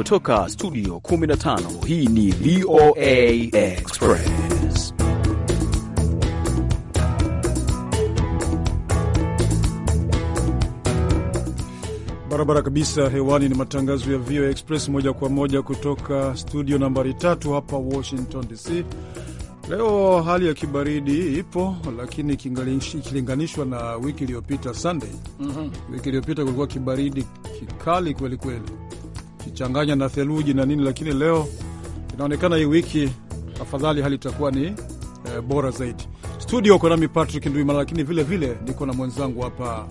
Kutoka studio 15 hii ni VOA Express. Barabara kabisa hewani, ni matangazo ya VOA Express moja kwa moja kutoka studio nambari tatu hapa Washington DC. Leo hali ya kibaridi ipo, lakini ikilinganishwa na wiki iliyopita Sunday. mm -hmm. Wiki iliyopita kulikuwa kibaridi kikali kwelikweli kweli ukichanganya na theluji na nini, lakini leo inaonekana hii wiki afadhali hali itakuwa ni e, bora zaidi. Studio uko nami Patrick Ndwimana, lakini vile vile niko na mwenzangu hapa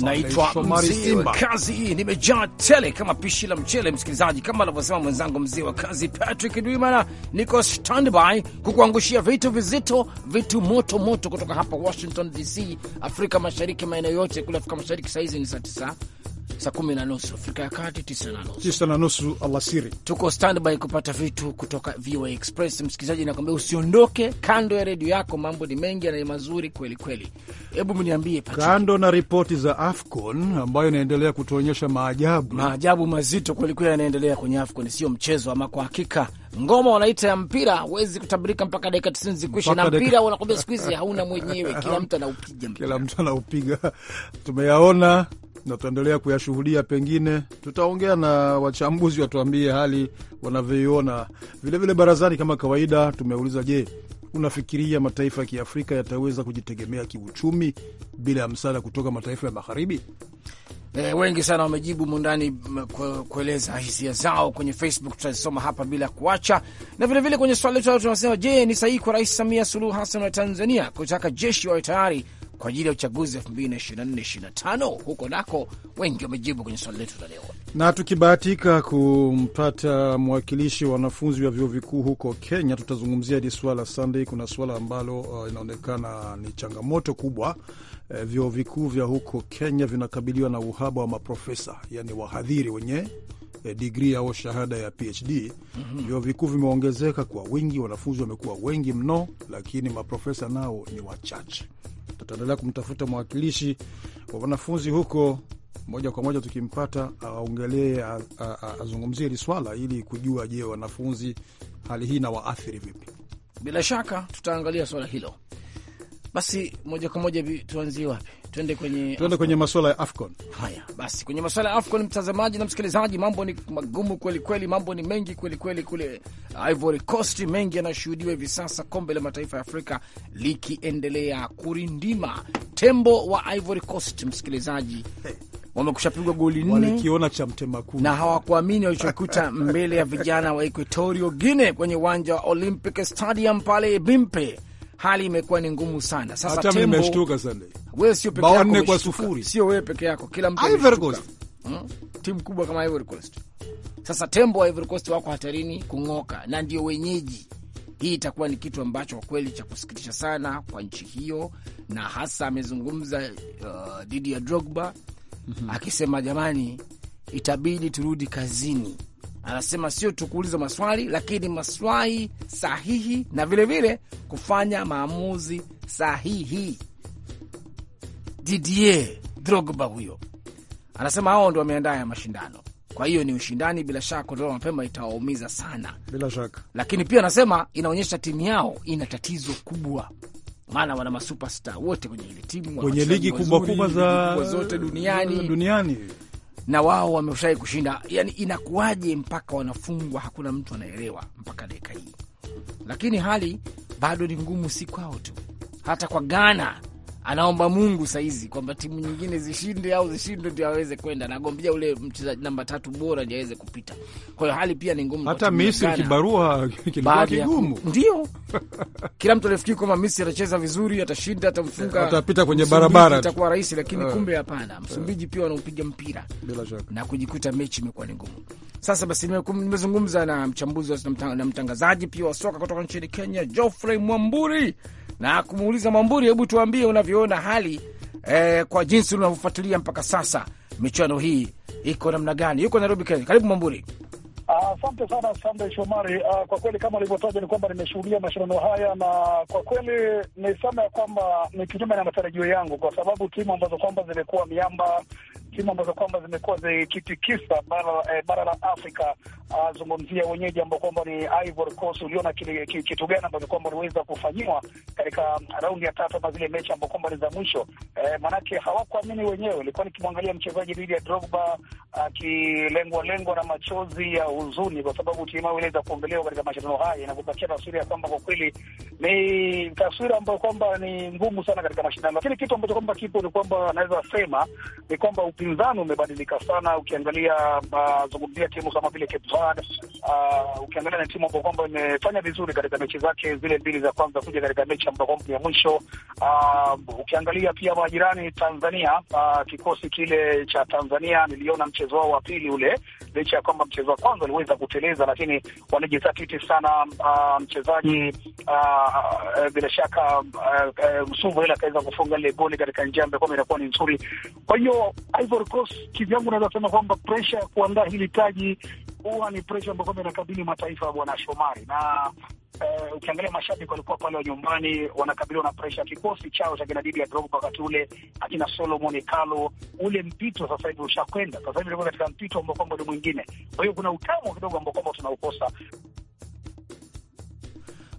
naitwa mzee wa kazi. Hii nimejaa tele kama pishi la mchele, msikilizaji, kama anavyosema mwenzangu mzee wa kazi Patrick Dwimana. Niko standby kukuangushia vitu vizito, vitu moto moto kutoka hapa Washington DC, Afrika Mashariki, maeneo yote kule Afrika Mashariki. Sahizi ni saa tisa saa kumi na nusu Afrika ya Kati, tisa na nusu tisa na nusu alasiri. Tuko standby kupata vitu kutoka VOA Express. Msikilizaji, nakwambia usiondoke kando ya redio yako, mambo ni mengi yanaye mazuri kweli kweli. Hebu mniambie, kando na ripoti za AFCON ambayo inaendelea kutuonyesha maajabu maajabu mazito kwelikweli yanaendelea kwenye AFCON, sio mchezo. Ama kwa hakika ngoma wanaita ya mpira huwezi kutabirika mpaka dakika tisini zikwisha, na mpira wanakwambia siku hizi hauna mwenyewe, kila mtu anaupiga, kila mtu anaupiga. Tumeyaona na tutaendelea kuyashuhudia. Pengine tutaongea na wachambuzi watuambie hali wanavyoiona. Vilevile barazani, kama kawaida, tumeuliza je, unafikiria mataifa ya Kiafrika yataweza kujitegemea kiuchumi bila ya msaada kutoka mataifa ya magharibi? E, wengi sana wamejibu mundani kueleza hisia zao kwenye Facebook, tutazisoma hapa bila kuacha. Na vilevile kwenye swali letu tunasema, je, ni sahihi kwa Rais Samia Suluhu Hassan wa Tanzania kutaka jeshi wawe tayari kwa ajili ya uchaguzi 2024-2025 huko nako wengi wamejibu kwenye swali letu la leo. Na tukibahatika kumpata mwakilishi wa wanafunzi wa vyuo vikuu huko Kenya, tutazungumzia hili swala Sunday. Kuna swala ambalo uh, inaonekana ni changamoto kubwa uh, vyuo vikuu vya huko Kenya vinakabiliwa na uhaba wa maprofesa, yani wahadhiri wenye eh, digri au shahada ya PhD. mm -hmm. vikuu vimeongezeka kwa wingi, wanafunzi wamekuwa wengi mno, lakini maprofesa nao ni wachache tutaendelea kumtafuta mwakilishi wa wanafunzi huko moja kwa moja, tukimpata aongelee, azungumzie hili swala ili kujua, je, wanafunzi hali hii na waathiri vipi? Bila shaka tutaangalia swala hilo. Basi moja kwa moja tuanzie wapi? Tuende kwenye, tuende kwenye masuala ya AFCON. Haya basi, kwenye masuala ya AFCON, mtazamaji na msikilizaji, mambo ni magumu kweli kweli, mambo ni mengi kweli kweli kule Ivory Coast, mengi yanashuhudiwa hivi sasa, kombe la mataifa ya Afrika likiendelea kurindima. Tembo wa Ivory Coast, msikilizaji, hey. Wamekushapigwa goli nne na hawakuamini walichokuta mbele ya vijana wa Equatorial Guinea kwenye uwanja wa Olympic Stadium pale Bimpe hali imekuwa ni ngumu sana. Sasa hata mimi nimeshtuka sana, wewe sio peke yako kwa sufuri, sio wewe peke yako, kila mtu Ivory Coast, hmm? timu kubwa kama Ivory Coast. Sasa tembo wa Ivory Coast wako hatarini kung'oka na ndio wenyeji. Hii itakuwa ni kitu ambacho kwa kweli cha kusikitisha sana kwa nchi hiyo, na hasa amezungumza uh, ya Drogba mm -hmm. akisema jamani, itabidi turudi kazini Anasema sio tu kuuliza maswali, lakini maswali sahihi na vilevile vile kufanya maamuzi sahihi. Didier Drogba huyo anasema hao ndo wameandaa ya mashindano, kwa hiyo ni ushindani. Bila shaka kutolewa mapema itawaumiza sana, bila shaka. Lakini pia anasema inaonyesha timu yao ina tatizo kubwa maana wana masuperstar wote kwenye ile timu kwenye ligi kubwa kubwa za zote duniani duniani na wao wameshai kushinda. Yani inakuwaje mpaka wanafungwa? Hakuna mtu anaelewa mpaka dakika hii, lakini hali bado ni ngumu, si kwao tu, hata kwa Ghana anaomba Mungu saizi kwamba timu nyingine zishinde au zishindwe ndio aweze kwenda, nagombea ule mchezaji namba tatu bora ndio aweze kupita. Kwa hiyo hali pia ni ngumu, hata Misri kibarua kilikuwa kigumu, ndio kila mtu alifikiri kwamba Misri atacheza vizuri, atashinda, atamfunga, atapita kwenye barabara, itakuwa rahisi, lakini yeah. kumbe hapana. Msumbiji pia wanaupiga mpira bila shaka na kujikuta mechi imekuwa ni ngumu. Sasa basi, nimezungumza na mchambuzi na mtangazaji pia wa soka kutoka nchini Kenya, Geoffrey Mwamburi na kumuuliza Mwamburi, hebu tuambie unavyoona hali eh, kwa jinsi unavyofuatilia mpaka sasa michuano hii iko namna gani? Yuko Nairobi, Kenya. Karibu Mwamburi. Ah, asante uh, sana Sandey Shomari. Uh, kwa kweli kama alivyotaja ni kwamba nimeshuhudia mashindano haya, na kwa kweli nisema ya kwamba ni kinyume na matarajio yangu, kwa sababu timu ambazo kwamba zimekuwa miamba timu ambazo kwamba zimekuwa zikitikisa bara eh, la Afrika. Azungumzia ah, wenyeji ambao kwamba ni Ivory Coast, uliona kitu gani ambacho kwamba waliweza kufanyiwa katika raundi ya tatu ama zile mechi ambao kwamba ni za mwisho. eh, manake hawakuamini wenyewe. Ilikuwa nikimwangalia mchezaji dhidi ya Drogba ah, akilengwa lengwa na machozi ya huzuni, kwa sababu timu yao iliweza kuongelewa katika mashindano haya, na kupatia taswira ya kwamba kwa kweli ni taswira ambayo kwamba ni ngumu sana katika mashindano, lakini kitu ambacho kwamba kipo ni kwamba anaweza sema ni kwamba upinzani umebadilika sana. Ukiangalia mazungumzia uh, timu kama vile Cape Verde uh, ukiangalia na timu ambayo kwamba imefanya vizuri katika mechi zake zile mbili za kwanza kuja katika mechi ambayo ya mwisho uh, ukiangalia pia majirani Tanzania kikosi kile cha Tanzania niliona mchezo wao wa pili ule, licha ya kwamba mchezo wa kwanza waliweza kuteleza, lakini walijitatiti sana. mchezaji bila shaka uh, uh, Msumbu ile akaweza kufunga ile goli katika njia ambayo kwamba inakuwa ni nzuri, kwa hiyo Ivory Coast kivyangu, naweza kusema kwamba presha ya kuandaa hili taji huwa ni presha ambayo kwamba inakabili mataifa ya bwana Shomari na Uh, ukiangalia mashabiki walikuwa pale wa nyumbani wanakabiliwa na presha. Kikosi chao cha kinadidi ya Drogba wakati ule, akina Solomon Kalo, ule mpito sasa hivi ushakwenda, sasa hivi katika mpito ambao kwamba ni mwingine. Kwa hiyo kuna utamu kidogo ambao kwamba tunaukosa.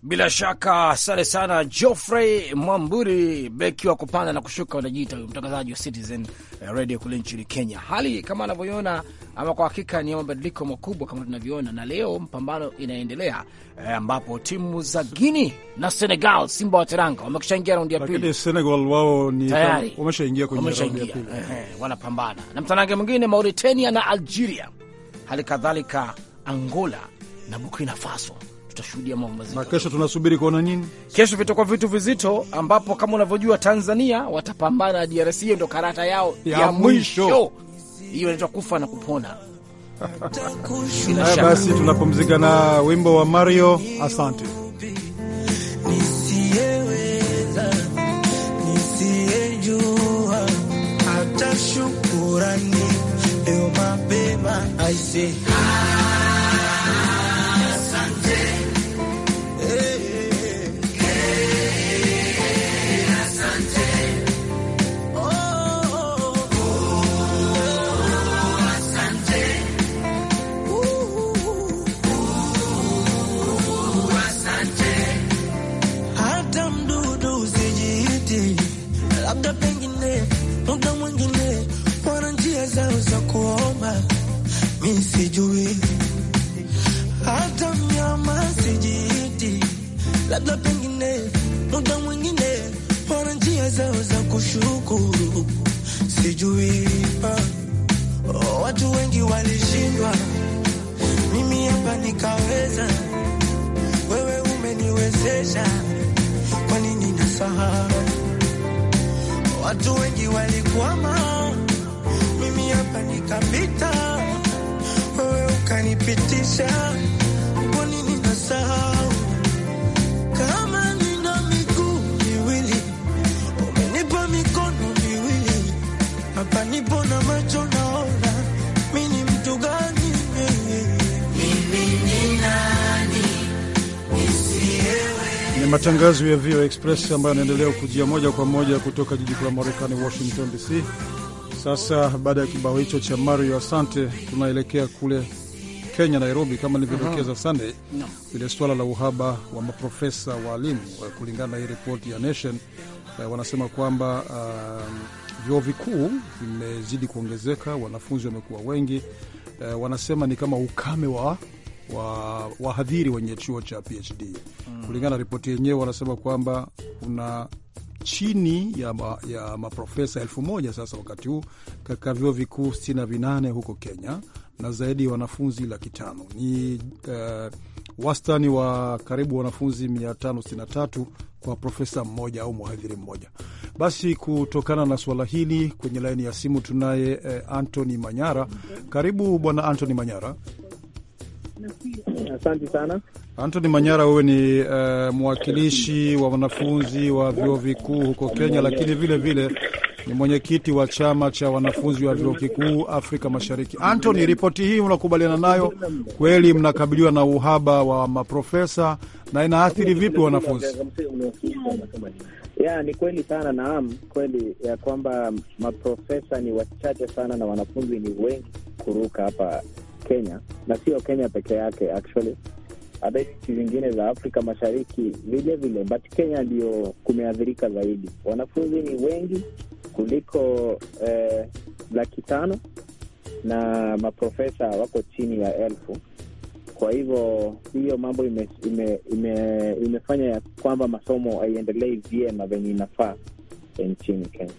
Bila shaka asante sana Geoffrey Mwamburi, beki wa kupanda na kushuka, unajiita huyo mtangazaji wa Citizen eh, Radio kule nchini Kenya. Hali kama anavyoiona ama kwa hakika ni mabadiliko makubwa kama tunavyoona, na leo mpambano inaendelea eh, ambapo timu za Guini na Senegal, Simba wa Teranga wamekushaingia raundi ya pili. Senegal wao ni wameshaingia kwenye raundi ya pili, wanapambana na mtanange mwingine Mauritania na Algeria, hali kadhalika Angola na Burkina Faso tutashuhudia mambo mazito. Na kesho tunasubiri kuona nini? Kesho vitakuwa vitu vizito, ambapo kama unavyojua Tanzania watapambana na DRC. Hiyo ndo karata yao ya, ya mwisho. Hiyo inaitwa kufa na kupona. Basi tunapumzika na wimbo wa Mario. Asante. shukurani, leo mapema aise matangazo ya VOA Express ambayo yanaendelea kujia moja kwa moja kutoka jiji kuu la Marekani, Washington DC. Sasa baada ya kibao hicho cha Mario Asante, tunaelekea kule Kenya, Nairobi. Kama nilivyodokeza Sunday, vile swala la uhaba wa maprofesa waalimu, eh, kulingana na hii ripoti ya Nation, eh, wanasema kwamba um, vyuo uh, vikuu vimezidi kuongezeka, wanafunzi wamekuwa wengi. Uh, wanasema ni kama ukame wa wahadhiri wa wenye chuo cha PhD mm. Kulingana na ripoti yenyewe, wanasema kwamba kuna chini ya, ma, ya maprofesa elfu moja sasa wakati huu katika vyuo vikuu sitini na vinane huko Kenya na zaidi ya wanafunzi laki tano ni uh, wastani wa karibu wanafunzi tatu kwa profesa mmoja au mhadhiri mmoja. Basi kutokana na suala hili, kwenye laini ya simu tunaye eh, Antony Manyara. Mm-hmm. Karibu bwana Antony Manyara. Asante sana Anthony Manyara, wewe ni uh, mwakilishi wa wanafunzi wa vyuo vikuu huko Kenya, lakini vile vile ni mwenyekiti wa chama cha wanafunzi wa vyuo vikuu Afrika Mashariki. Anthony, ripoti hii unakubaliana nayo kweli? Mnakabiliwa na uhaba wa maprofesa na inaathiri vipi wanafunzi? Ya, ni kweli sana. Naam, kweli ya kwamba maprofesa ni wachache sana na wanafunzi ni wengi kuruka hapa Kenya na sio Kenya peke yake actually hata nchi zingine za Afrika Mashariki vilevile vile, but Kenya ndio kumeathirika zaidi. Wanafunzi ni wengi kuliko eh, laki tano na maprofesa wako chini ya elfu. Kwa hivyo hiyo mambo ime, ime, ime, imefanya ya kwamba masomo haiendelei vyema venye inafaa nchini Kenya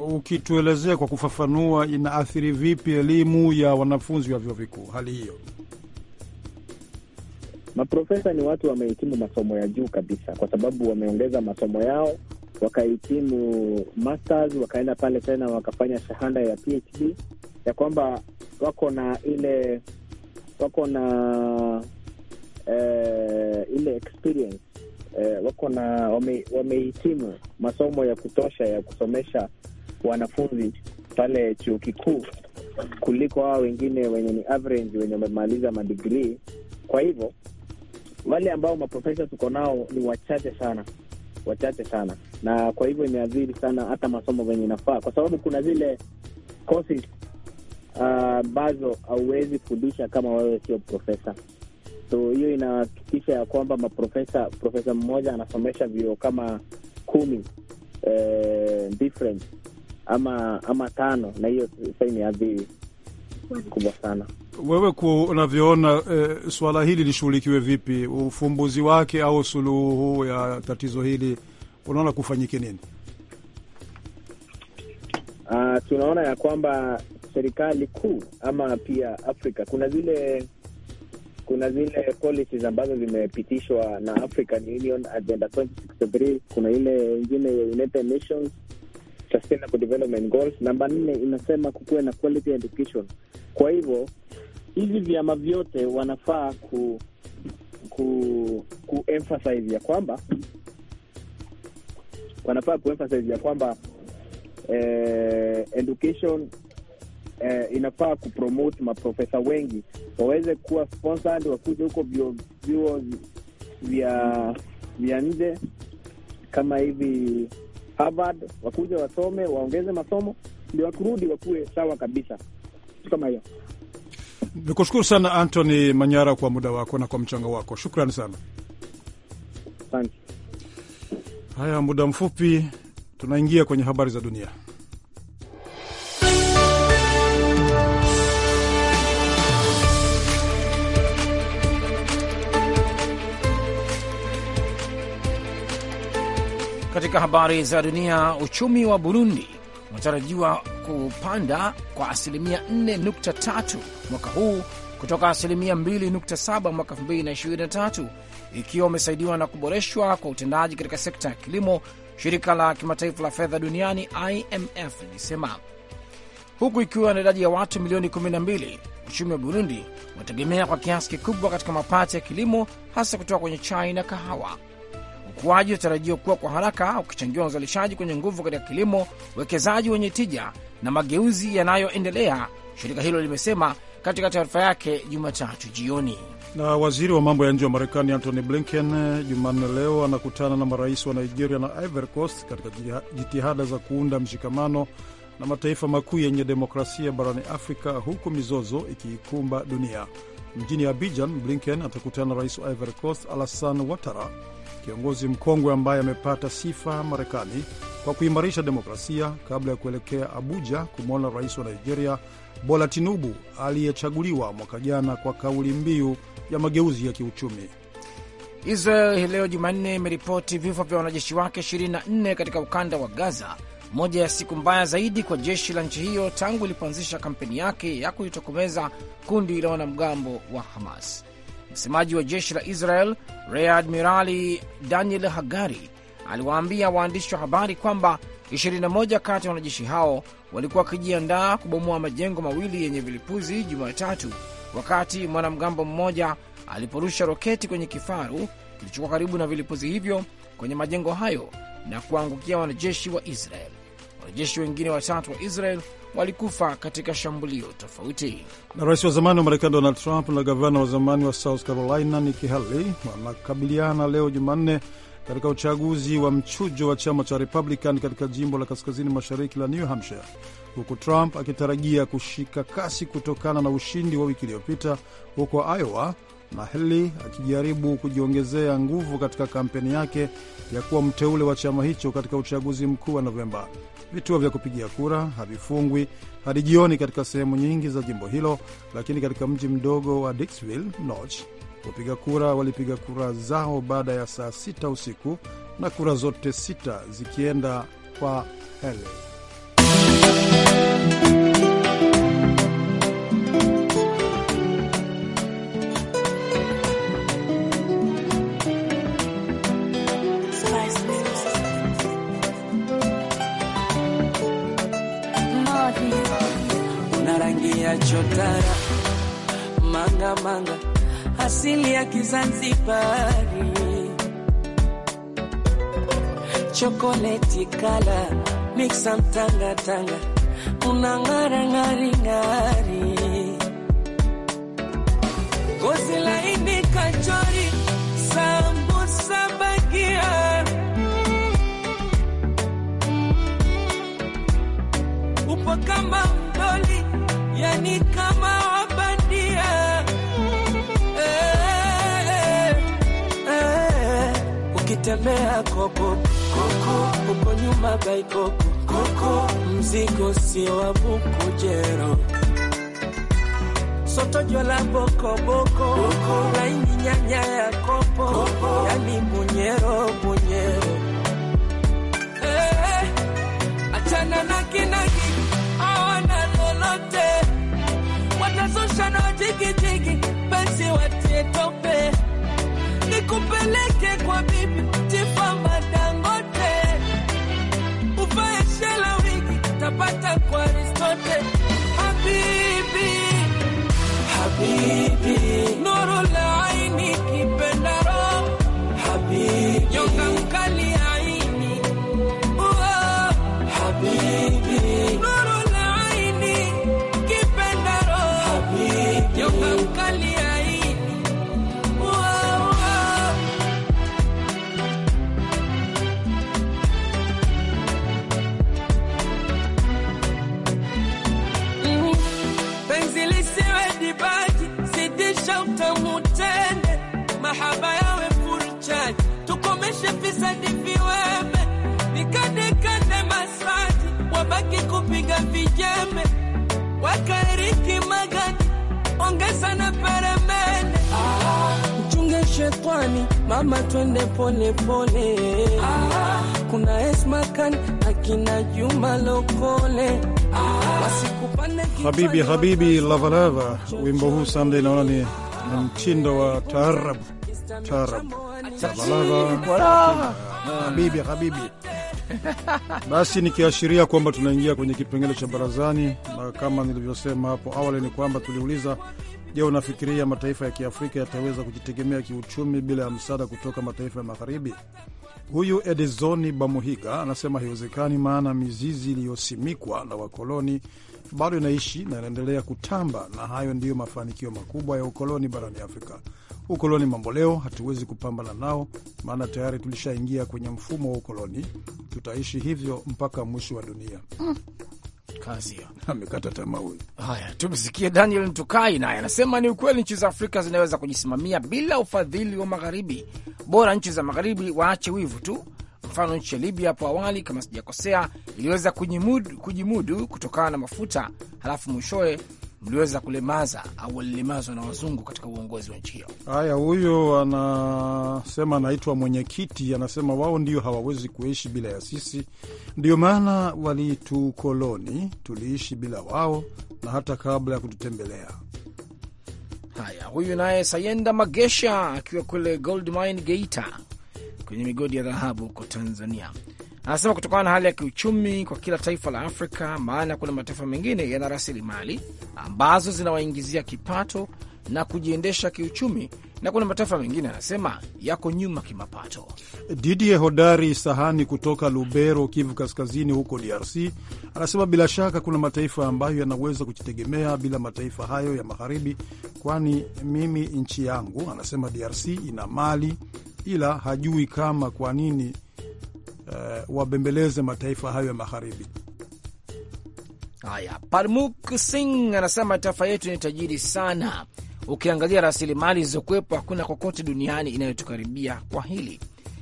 ukituelezea kwa kufafanua, inaathiri vipi elimu ya wanafunzi wa vyuo vikuu hali hiyo? Maprofesa ni watu wamehitimu masomo ya juu kabisa, kwa sababu wameongeza masomo yao wakahitimu masters, wakaenda pale tena wakafanya shahada ya PhD, ya kwamba wako na ile wako na eh, ile experience eh, wako na wamehitimu masomo ya kutosha ya kusomesha wanafunzi pale chuo kikuu kuliko hawa wengine wenye ni average, wenye wamemaliza madigrii. Kwa hivyo wale ambao maprofesa tuko nao ni wachache sana, wachache sana, na kwa hivyo imeathiri sana hata masomo venye inafaa, kwa sababu kuna zile courses ah, ambazo uh, hauwezi fundisha kama wewe sio profesa. So hiyo inahakikisha ya kwamba maprofesa, profesa mmoja anasomesha vyuo kama kumi eh, different ama ama tano, na hiyo sasa imeathiri kubwa sana. Wewe ku unavyoona, e, eh, suala hili lishughulikiwe vipi? Ufumbuzi wake au suluhu ya tatizo hili unaona kufanyike nini? Uh, tunaona ya kwamba serikali kuu ama pia Afrika kuna zile kuna zile policies ambazo zimepitishwa na African Union Agenda 2063, kuna ile ingine ya United Nations Sustainable Development Goals. Namba nne inasema kukuwe na quality education. Kwa hivyo hivi vyama vyote wanafaa ku, ku, ku emphasize ya kwamba wanafaa ku emphasize ya kwamba eh, education eh, inafaa kupromote maprofesa wengi waweze kuwa sponsored, wakuja huko vyuo vya vya nje kama hivi Harvard, wakuja wasome, waongeze masomo, ndio wakurudi wakuwe sawa kabisa, kama hiyo. Nikushukuru sana Anthony Manyara kwa muda wako na kwa mchango wako, shukrani sana. Thanks. Haya, muda mfupi tunaingia kwenye habari za dunia. Katika habari za dunia, uchumi wa Burundi unatarajiwa kupanda kwa asilimia 4.3 mwaka huu kutoka asilimia 2.7 mwaka 2023 ikiwa umesaidiwa na kuboreshwa kwa utendaji katika sekta ya kilimo, shirika la kimataifa la fedha duniani IMF lilisema, huku ikiwa na idadi ya watu milioni 12. Uchumi wa Burundi unategemea kwa kiasi kikubwa katika mapato ya kilimo, hasa kutoka kwenye chai na kahawa. Ukuaji unatarajiwa kuwa kwa haraka ukichangiwa na uzalishaji kwenye nguvu katika kilimo, uwekezaji wenye tija na mageuzi yanayoendelea, shirika hilo limesema katika taarifa yake Jumatatu jioni. Na waziri wa mambo ya nje wa Marekani Antony Blinken Jumanne leo anakutana na marais wa Nigeria na Ivory Coast katika jitihada za kuunda mshikamano na mataifa makuu yenye demokrasia barani Afrika, huku mizozo ikiikumba dunia. Mjini Abidjan, Blinken atakutana na rais wa Ivory Coast Alassane Ouattara kiongozi mkongwe ambaye amepata sifa Marekani kwa kuimarisha demokrasia kabla ya kuelekea Abuja kumwona rais wa Nigeria Bola Tinubu aliyechaguliwa mwaka jana kwa kauli mbiu ya mageuzi ya kiuchumi. Israel hii leo Jumanne imeripoti vifo vya wanajeshi wake 24 katika ukanda wa Gaza, moja ya siku mbaya zaidi kwa jeshi la nchi hiyo tangu ilipoanzisha kampeni yake ya kulitokomeza kundi la wanamgambo wa Hamas. Msemaji wa jeshi la Israel Rear Admirali Daniel Hagari aliwaambia waandishi wa habari kwamba 21 kati ya wanajeshi hao walikuwa wakijiandaa kubomoa majengo mawili yenye vilipuzi Jumatatu, wakati mwanamgambo mmoja aliporusha roketi kwenye kifaru kilichokuwa karibu na vilipuzi hivyo kwenye majengo hayo na kuangukia wanajeshi wa Israel. Wanajeshi wengine watatu wa Israel walikufa katika shambulio tofauti. Na rais wa zamani wa Marekani Donald Trump na gavana wa zamani wa South Carolina Nikki Haley wanakabiliana leo Jumanne katika uchaguzi wa mchujo wa chama cha Republican katika jimbo la kaskazini mashariki la New Hampshire, huku Trump akitarajia kushika kasi kutokana na ushindi wa wiki iliyopita huko Iowa Mahli akijaribu kujiongezea nguvu katika kampeni yake ya kuwa mteule wa chama hicho katika uchaguzi mkuu wa Novemba. Vituo vya kupigia kura havifungwi hadi jioni katika sehemu nyingi za jimbo hilo, lakini katika mji mdogo wa Dixville Notch wapiga kura walipiga kura zao baada ya saa sita usiku na kura zote sita zikienda kwa Hele. tara manga manga, asili ya Kizanzibari, chokoleti kala miksa mtanga tanga, una ng'ara ng'ari ng'ari, gozi laini kachori, sambusa bagia upo kama yani kama wabandia eh, eh. eh. Ukitembea kopo koko uko nyuma baikopo koko mzigo si wa bukujero soto jola boko boko koko laini nyanya ya kopo koko yani munyero munyero eh, eh, achana na kinagi awana lolote Kuangusha na jigijigi penzi watie tope, nikupeleke kwa bibi Tifa Madangote, uvae shela wigi tapata kwa Aristote. Habibi, habibi viwembe nikandekande maswali wabaki kupiga vijembe wakariki magadi ongeza na peremende mchunge shetwani mama twende pole ah, kuna akina Juma Lokole habibi habibi lavalava Wimbo huu sande naona ni mtindo wa taarabu taarabu. Habibi, habibi. Basi nikiashiria kwamba tunaingia kwenye kipengele cha barazani, na kama nilivyosema hapo awali ni kwamba tuliuliza, je, unafikiria mataifa ya Kiafrika yataweza kujitegemea kiuchumi bila ya msaada kutoka mataifa ya magharibi? Huyu Edizoni Bamuhiga anasema haiwezekani, maana mizizi iliyosimikwa na wakoloni bado inaishi na inaendelea kutamba, na hayo ndiyo mafanikio makubwa ya ukoloni barani Afrika ukoloni mambo leo, hatuwezi kupambana nao, maana tayari tulishaingia kwenye mfumo wa ukoloni. Tutaishi hivyo mpaka mwisho wa dunia. amekata tamaa huyu. Haya, tumsikie Daniel Ntukai, naye anasema ni ukweli, nchi za Afrika zinaweza kujisimamia bila ufadhili wa Magharibi. Bora nchi za Magharibi waache wivu tu. Mfano, nchi ya Libya hapo awali, kama sijakosea, iliweza kujimudu, kujimudu kutokana na mafuta, halafu mwishowe mliweza kulemaza au walilemazwa na wazungu katika uongozi wa nchi hiyo. Haya, huyo anasema anaitwa mwenyekiti, anasema wao ndio hawawezi kuishi bila ya sisi, ndio maana walitukoloni, tuliishi bila wao na hata kabla ya kututembelea. Haya, huyu naye Sayenda Magesha akiwa kule Gold Mine Geita kwenye migodi ya dhahabu huko Tanzania Anasema kutokana na hali ya kiuchumi kwa kila taifa la Afrika, maana kuna mataifa mengine yana rasilimali ambazo zinawaingizia kipato na kujiendesha kiuchumi, na kuna mataifa mengine anasema yako nyuma kimapato. Didie Hodari Sahani kutoka Lubero, Kivu Kaskazini, huko DRC anasema bila shaka kuna mataifa ambayo yanaweza kujitegemea bila mataifa hayo ya magharibi, kwani mimi nchi yangu, anasema DRC, ina mali ila hajui kama kwa nini uh, wabembeleze mataifa hayo ya magharibi. Haya, Parmuk Singh anasema taifa yetu ni tajiri sana, ukiangalia rasilimali zilizokuwepo hakuna kokote duniani inayotukaribia kwa hili,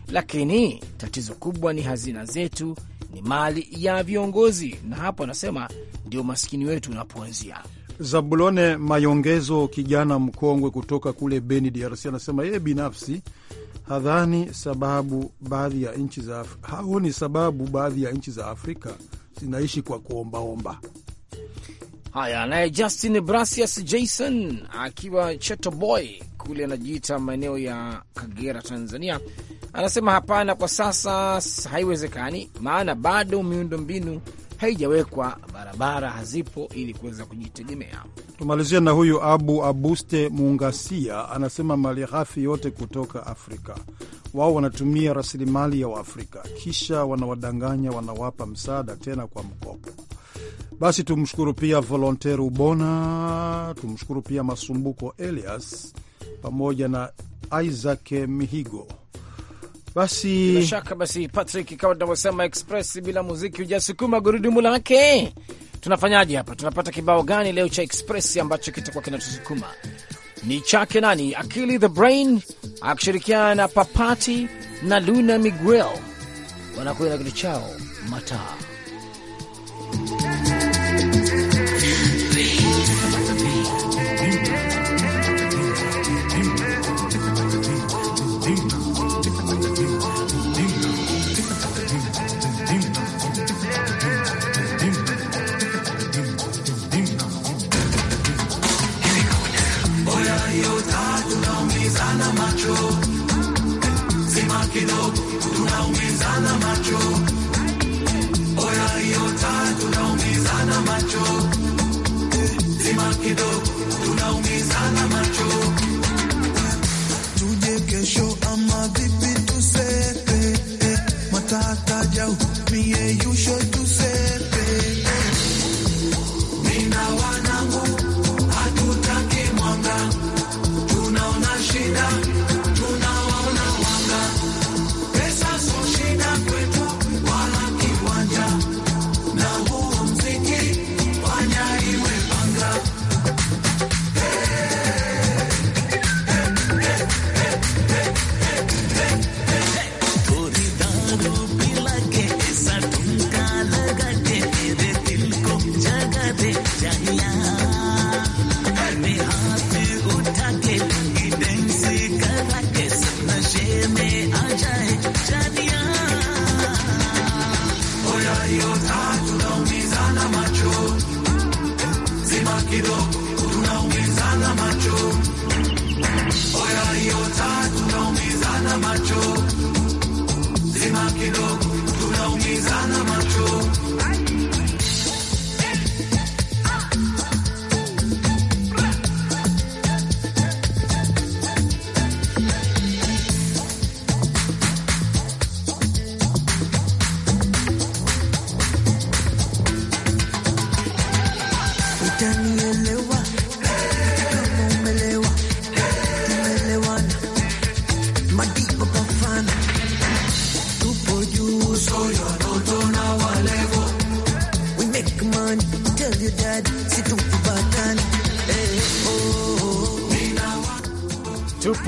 lakini tatizo kubwa ni hazina zetu, ni mali ya viongozi, na hapo anasema ndio umaskini wetu unapoanzia. Zabulone Mayongezo, kijana mkongwe kutoka kule Beni, DRC, anasema yeye binafsi Hadhani sababu baadhi ya nchi za Afrika, haoni sababu baadhi ya nchi za Afrika zinaishi kwa kuombaomba. Haya, naye Justin Brasius Jason akiwa Chetoboy kule anajiita maeneo ya Kagera, Tanzania, anasema hapana, kwa sasa haiwezekani, maana bado miundo mbinu haijawekwa, barabara hazipo ili kuweza kujitegemea. Tumalizia na huyu Abu Abuste Mungasia, anasema mali ghafi yote kutoka Afrika, wao wanatumia rasilimali ya Waafrika kisha wanawadanganya, wanawapa msaada tena kwa mkopo. Basi tumshukuru pia Volonter Ubona, tumshukuru pia Masumbuko Elias pamoja na Isaac Mihigo. Basi bila shaka, basi Patrick, kama tunavyosema express bila muziki hujasukuma gurudumu lake tunafanyaje hapa? Tunapata kibao gani leo cha express ambacho kitakuwa kinatusukuma? Ni chake nani? Akili the Brain akishirikiana na Papati na Luna Miguel na kitu chao mataa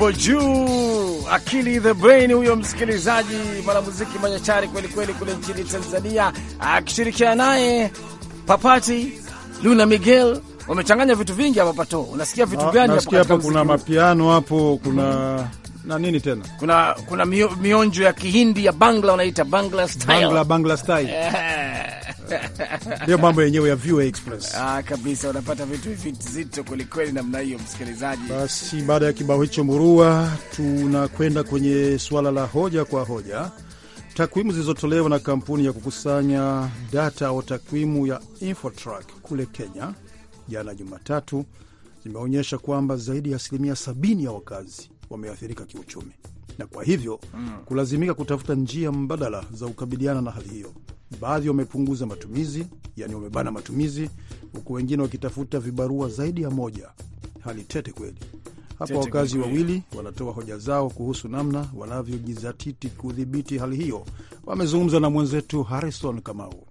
ipo juu, akili the brain. Huyo msikilizaji, mwanamuziki manyachari kweli kweli kule nchini Tanzania, akishirikiana naye Papati Luna Miguel wamechanganya vitu vingi hapa. Pato, unasikia vitu ah, gani hapo? Hapo kuna mapiano hapo, kuna na nini tena, kuna kuna mionjo ya Kihindi ya Bangla, wanaita Bangla style, Bangla Bangla style eh. Ndio mambo yenyewe ya VOA Express. Ah, kabisa unapata vitu vizito kweli namna hiyo, msikilizaji. Basi baada ya kibao hicho murua, tunakwenda kwenye suala la hoja kwa hoja. Takwimu zilizotolewa na kampuni ya kukusanya data au takwimu ya Infotrack kule Kenya jana Jumatatu zimeonyesha kwamba zaidi ya asilimia sabini ya wakazi wameathirika kiuchumi na kwa hivyo mm, kulazimika kutafuta njia mbadala za kukabiliana na hali hiyo. Baadhi wamepunguza matumizi, yani wamebana matumizi, huku wengine wakitafuta vibarua zaidi ya moja. Hali tete kweli. Hapa wakazi wawili wanatoa hoja zao kuhusu namna wanavyojizatiti kudhibiti hali hiyo. Wamezungumza na mwenzetu Harrison Kamau.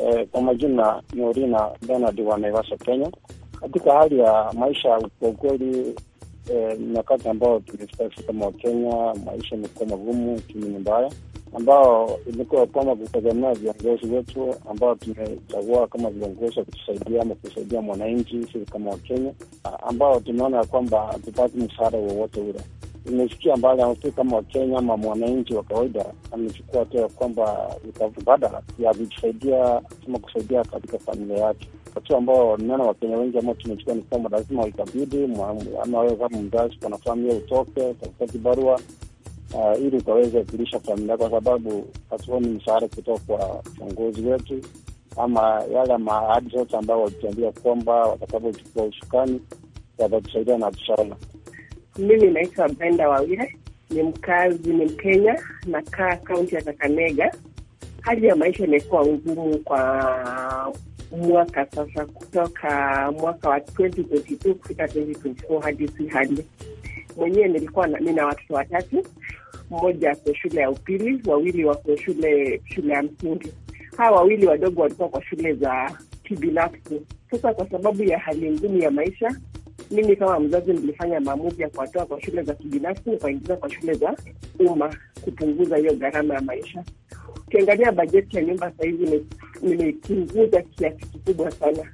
E, kwa majina ni Orina Benard wa Naivasha, Kenya. Katika hali ya maisha, kwa ukweli Eh, nyakati ambao tumefika kama Wakenya, maisha imekuwa magumu, uchumi ni mbaya, ambao imekuwa kwama kutegemea viongozi wetu ambao tumechagua kama viongozi wa kutusaidia ama kusaidia mwananchi sisi kama Wakenya, ambao tumeona ya kwamba hatupati msaada wowote ule. Imesikia mbali amsi kama Wakenya ama mwananchi wa kawaida amechukua tu ya kwamba badala ya kujisaidia ama kusaidia katika familia yake wakati ambao nimeona Wakenya wengi ambao tumechukua ni kwamba lazima waikabidi ama wewe kama mzazi kana familia utoke utafuta kibarua uh, ili ukaweze kulisha familia yako, kwa sababu hatuoni mshahara kutoka kwa viongozi wetu ama yale maahadi zote ambao walituambia kwamba watakavyochukua ushukani watatusaidia na tushaona. Mimi naitwa Brenda Wawire, ni mkazi, ni Mkenya, nakaa kaunti ya Kakamega. Hali ya maisha imekuwa ngumu kwa mwaka sasa, kutoka mwaka wa 2022 kufika 2024 hadi si hadi. Mwenyewe nilikuwa nina watoto watatu, mmoja kwa shule ya upili, wawili wako shule shule ya msingi. Hawa wawili wadogo walikuwa kwa shule za kibinafsi. Sasa kwa sababu ya hali ngumu ya maisha, mimi kama mzazi nilifanya maamuzi ya kuwatoa kwa shule za kibinafsi nikaingiza kwa shule za umma kupunguza hiyo gharama ya maisha. Ukiangalia bajeti ya nyumba sahizi ni nimepunguza kiasi kikubwa sana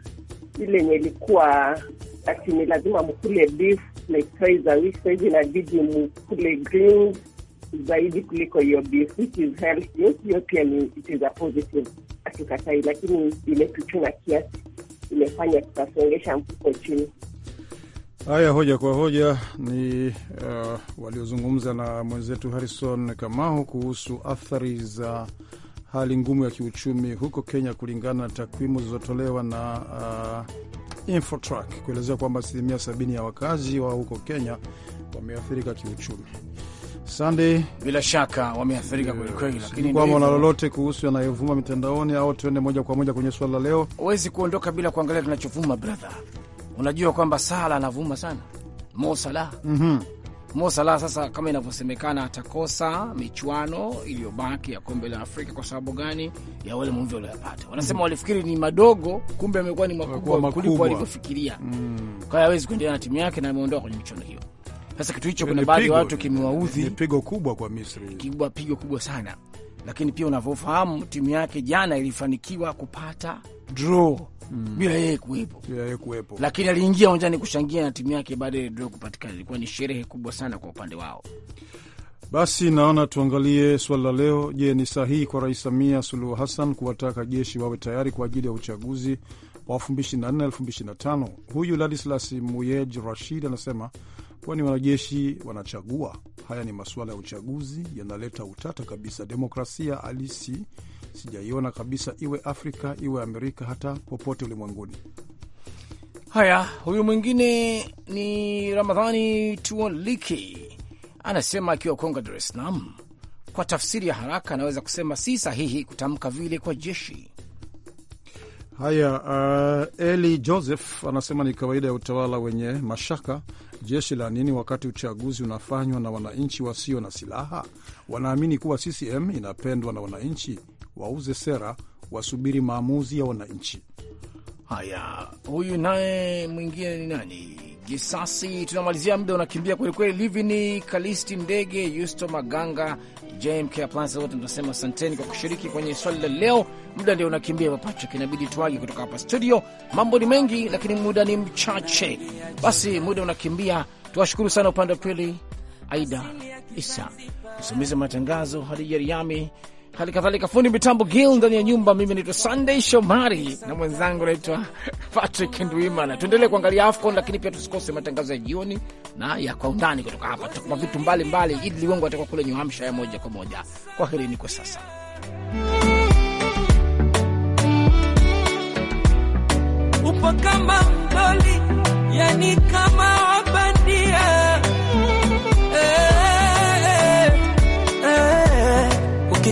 ile yenye ilikuwa ati ni lazima mkule beef like twice a week. Sahizi inabidi mkule greens zaidi kuliko hiyo beef which is healthy. Hiyo pia ni it is a positive, atukatai, lakini imetuchuna kiasi, imefanya tutasongesha mfuko chini. Haya, hoja kwa hoja ni uh, waliozungumza na mwenzetu Harrison Kamau kuhusu athari za uh, hali ngumu ya kiuchumi huko Kenya kulingana na takwimu zilizotolewa na uh, Infotrack kuelezea kwamba asilimia 70 ya wakazi wa huko Kenya wameathirika kiuchumi. Sande, bila shaka wameathirika kwelikweli, lakini kwamba na lolote kuhusu yanayovuma mitandaoni, au tuende moja kwa moja kwenye swala la leo. Huwezi kuondoka bila kuangalia kinachovuma brother. Unajua kwamba Sala anavuma sana Mo Salah. mm -hmm. Mo Salah sasa, kama inavyosemekana, atakosa michuano iliyobaki ya kombe la Afrika. Kwa sababu gani? ya wale mvi walioyapata. Wanasema mm. walifikiri ni madogo, kumbe amekuwa ni makubwa kuliko walivyofikiria. mm. Kwa hiyo hawezi kuendelea na timu yake na ameondoka kwenye michuano hiyo. Sasa kitu hicho, kuna baadhi ya watu kimewaudhi, pigo kubwa kwa Misri, kibwa pigo kubwa sana, lakini pia unavyofahamu timu yake jana ilifanikiwa kupata draw mm. bila yeye kuwepo, bila yeye kuwepo, lakini aliingia uwanjani kushangia na timu yake baada ya draw kupatikana. Ilikuwa ni sherehe kubwa sana kwa upande wao. Basi naona tuangalie swala la leo. Je, ni sahihi kwa Rais Samia Suluhu Hassan kuwataka jeshi wawe tayari kwa ajili ya uchaguzi wa 2024 2025? Huyu Ladislas Muyej Rashid anasema kwani wanajeshi wanachagua? Haya ni masuala ya uchaguzi, yanaleta utata kabisa. Demokrasia halisi Sijaiona kabisa, iwe Afrika iwe Amerika, hata popote ulimwenguni. Haya, huyu mwingine ni Ramadhani Tuoliki, anasema akiwa Konga, Dar es Salaam. Kwa tafsiri ya haraka, anaweza kusema si sahihi kutamka vile kwa jeshi. Haya, uh, Eli Joseph anasema ni kawaida ya utawala wenye mashaka. Jeshi la nini wakati uchaguzi unafanywa na wananchi wasio na silaha? Wanaamini kuwa CCM inapendwa na wananchi wauze sera, wasubiri maamuzi ya wananchi. Haya, huyu naye mwingine ni nani? Gisasi, tunamalizia muda unakimbia kwelikweli. Livini Kalisti Ndege, Yusto Maganga, JMK Aplansa, wote tunasema asanteni kwa kushiriki kwenye swali la leo. Muda ndio unakimbia, Patrick, inabidi tuage kutoka hapa studio. Mambo ni mengi, lakini muda ni mchache, basi muda unakimbia. Tuwashukuru sana upande wa pili, Aida Isa msimamizi wa matangazo, Hadija Riami hali kadhalika fundi mitambo Gil ndani ya nyumba. Mimi naitwa Sunday Shomari na mwenzangu naitwa Patrick Ndwimana. Tuendelee kuangalia AFCON, lakini pia tusikose matangazo ya jioni na ya kwa undani kutoka hapa. Tutakupa vitu mbalimbali. Idi Ligongo atakuwa kule New Hampshire ya moja kwa moja. kwa herini kwa sasa. Upo kama mboli, yani kama wabani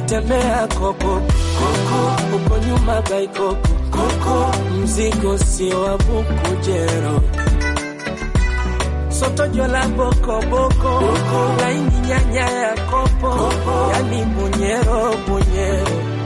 Kitembea koko koko, uko nyuma gaikoko koko, mzigo sio wa Bukujero soto jola koko, laini nyanya ya kopo, yani munyero bunyero